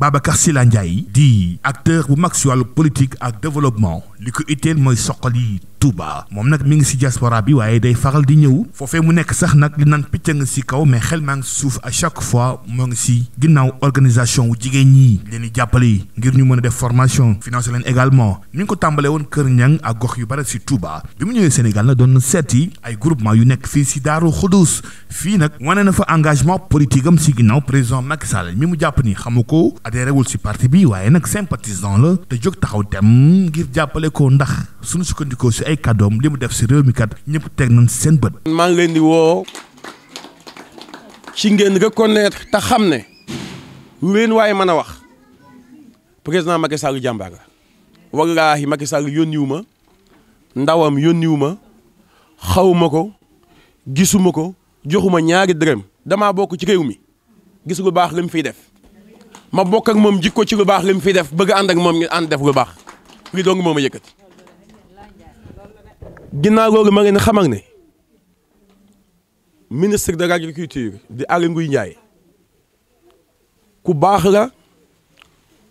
Babacar Sylla Ndiaye di acteur bu mag si wàllu politique ak développement li ko itteel mooy soqali Touba moom nag mi ngi si diaspora bi waaye day faral di ñëw foofee mu nekk sax nag li naan picc nga si kaw mais xel maa ngi si suuf à chaque fois moo ngi si ginnaw organisation wu jigéen ñi leen di jàppale ngir ñu mën a def formation financé leen également mi ngi ko tàmbalee woon Kër Ñang a gox yu bare si Touba bi mu ñëwee Sénégal nag doon na seeti ay groupement yu nekk fii si Daaru Xudus fii nag wane na fa engagement politique am si ginnaaw président Macky Sall mi mu jàpp ni xamu ko adhéré wul si parti bi waaye nag sympathisant la te jog taxaw tem ngir jàppale ko ndax suñu sukkandikoo si ay kaddoom li mu def si réew mi kat ñëpp teg nañ seen bët. maa ngi leen di woo ci ngeen reconnaître te xam ne lu leen waaye mën a wax président Macky Sall jàmbaar la wallaahi Macky Sall yónniwu ma ndawam yónniwu ma xawuma ko gisuma ko joxuma ñaari dërëm damaa bokk ci réew mi gis lu baax li mu fiy def. ma bokk ak moom jikko ci lu baax li mu fi def bëgg ànd ak moom ñu ànd def lu baax lii dong moom ma yëkkati ginnaaw loolu ma leen xamal ne ministre de l'agriculture di Aly Ngouille Ndiaye ku baax la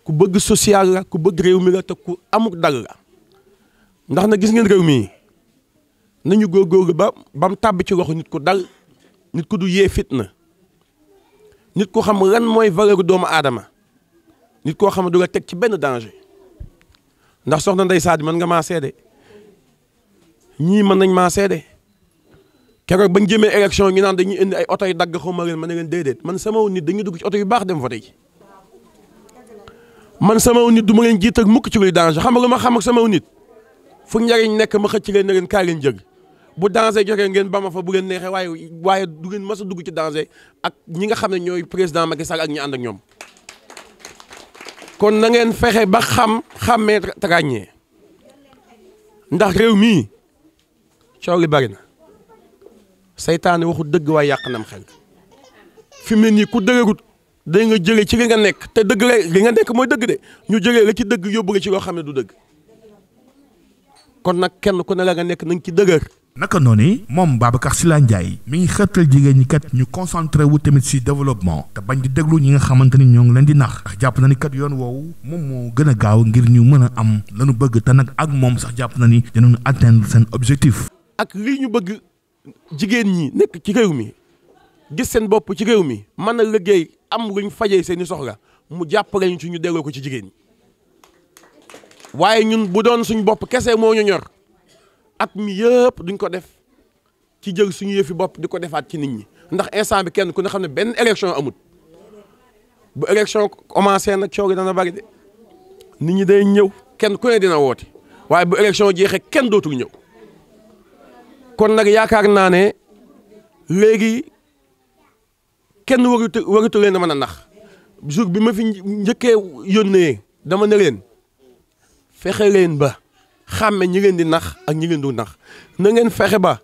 ku bëgg social la ku bëgg réew mi la te ku amuk dal la ndax na gis ngeen réew mii nañu góorgóorlu ba bam tàbb ci loxo nit ku dal nit ku du yee na nit ku xam lan mooy valeur doomu aadama nit koo xam ne la teg ci benn danger ndax soxna Ndeye Sadio man nga maa seede ñii man nañ maa seede keroog bañ jëmee élection ñu naan dañuy indi ay oto yi dagg xaw ma leen ma ne leen déedéet man sama nit dañuy dugg oto yu baax dem voté ji man sama nit du ma leen jiital mukk ci luy danger xam nga lu ma xam ak sama nit fu njariñ nekk ma xëcc leen ne leen kaa leen jëg bu danger joxe ngeen ba ma fa bu leen neexee waaye waaye du ngeen mës dugg ci danger ak ñi nga xam ne ñooy président Macky Sall ak ñi ànd ñoom. kon na ngeen fexe ba xam xàmmee ràññee ndax réew mii coow li bari na seytaane waxu dëgg waaye yàq nam xel fi mu ne nii ku dëgërut da nga jëlee ci li nga nekk te dëgg la li nga nekk mooy dëgg de ñu jëlee la ci dëgg yóbbu la ci loo xam ne du dëgg. kon nag kenn ku ne la nga nekk na ci dëgër. naka noonu moom Babacar Sylla Ndiaye mi ngi xëttal jigéen ñi kat ñu concentré wu tamit si développement te bañ di déglu ñi nga xamante ni ñoo ngi leen di nax ndax jàpp na ni kat yoon woowu moom moo gën a gaaw ngir ñu mën a am lañu bëgg te nag ak moom sax jàpp na ni dinañu atteindre seen objectif. ak lii ñu bëgg jigéen ñi nekk ci réew mi gis seen bopp ci réew mi mën a liggéey am luñ fajee seen i soxla mu jàppale ñu ci ñu delloo ko ci jigéen ñi. waaye ñun bu doon suñ bopp kese moo ñu ñor at mi yëpp duñ ko def ci jël suñu yëfi bopp di ko defaat ci nit ñi ndax instant bi kenn ku ne xam ne benn élection amut bu élection commencé nag coow gi dana bari nit ñi day ñëw kenn ku dina woote waaye bu élection jeexee kenn dootul ñëw kon nag yaakaar naa ne léegi kenn warutu warutu leen a mën a nax jour bi ma fi njëkkee yónnee dama ne leen. fexe leen ba xàmme ñi ngeen di nax ak ñi leen du nax na ngeen fexe ba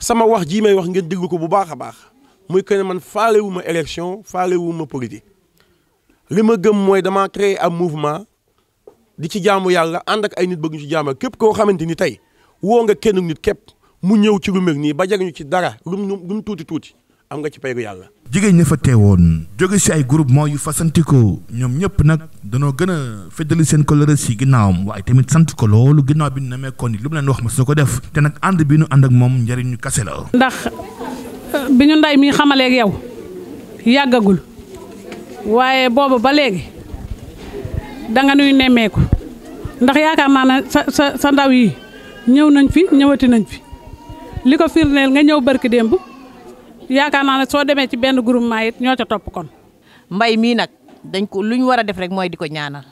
sama wax jii may wax ngeen déglu ko bu baax a baax muy que ne man faale wu ma élection faale wu ma politique. li ma gëm mooy dama créer am mouvement di ci jaamu yàlla ànd ak ay nit bëgg ñu ci jaamu képp koo xamante ni tey woo nga kenn nit képp mu ñëw ci lu mel nii ba jariñu ci dara lu mu tuuti tuuti. am nga ci pay gu yàlla. jigéen ña fa teewoon. jóge si ay groupement yu fasantikoo ñoom ñëpp nag danoo gën a feddali seen coloré si ginnaawam waaye tamit sant ko loolu ginnaaw bi ñu nemmeekoon ni lu mu leen wax ma su ko def te nag ànd bi ñu ànd ak moom njëriñu kase la. ndax euh, bi ñu nday mi xamaleeg yow yàggagul waaye booba ba léegi danga nuy nemmeeku ndax yaakaar naa na sa sa sa ndaw yi ñëw nañ fi ñëwati nañ fi li ko firndeel nga ñëw barki démb. yaakaar naa ne soo demee ci benn groupement it ñoo ca topp kon. mbay mii nag dañ ko lu ñu war a def rek mooy di ko ñaanal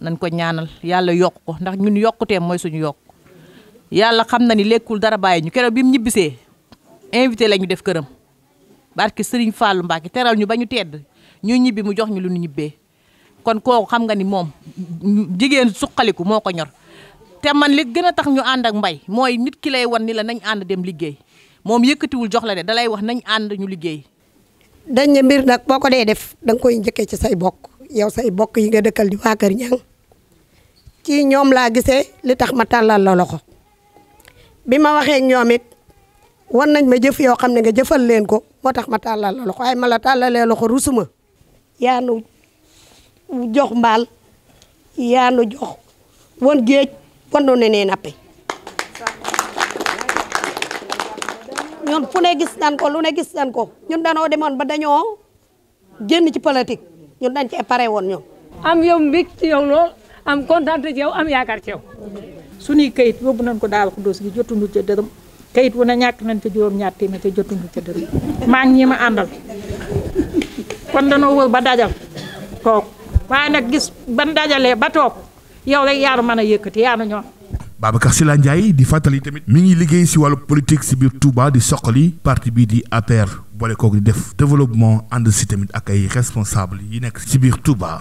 nañ ko ñaanal yàlla yokk ko ndax ñun yokkuteem mooy suñu yokk yàlla xam na ni lekkul dara bàyyi ñu keroog bi mu ñibbisee invité la ñu def këram barke Serigne Fallou Mbacke teral ñu ba ñu tedd ñu ñibbi mu jox ñu lu ñu ñibbee kon kooku xam nga ni moom jigéen suqaliku moo ko ñor te man li gën a tax ñu ànd ak mbay mooy nit ki lay wan ni la nañ ànd dem liggéey. moom yëkkatiwul jox de dalay wax nañ ànd ñu liggéey. dañ ne mbir nag boo ko dee def da koy njëkkee ci say bokk yow say bokk yi nga dëkkal di waa Kër Ñang ci ñoom laa gise li tax ma tàllal la loxo bi ma waxee ñoom it wan nañ ma jëf yoo xam ne nga jëfal leen ko moo tax ma tàllal la loxo waaye ma la tàllalee loxo rusuma yaa nu jox mbaal yaa nu jox wan géej wan nu ne nee fu ne gis nan ko lu ne gis nan ko ñun danoo demoon ba dañoo génn ci politique ñun dañ cee pare woon ñun. am yow mbég ci yow lool am kontaan ci yow am yaakaar ci yow. suñuy kayit yóbbu nañ ko daal xudóos gi jotuñu ci dërëm kayit wu ne ñàkk nañ ca juróom-ñaar téeméer te jotuñu ca dërëm maa ngi ñi ma àndal kon danoo wër ba dajal toog waaye nag gis ban dajalee ba toog yow rek yaa nu mën a yëkkati yaa nu ñoom Babacar Sylla Ndiaye di fàttali tamit mu ngi liggéey si wàllu politique si biir Touba di soqali parti bii di APR boole kook di def développement ànd si tamit ak ay responsable yi nekk si biir Touba.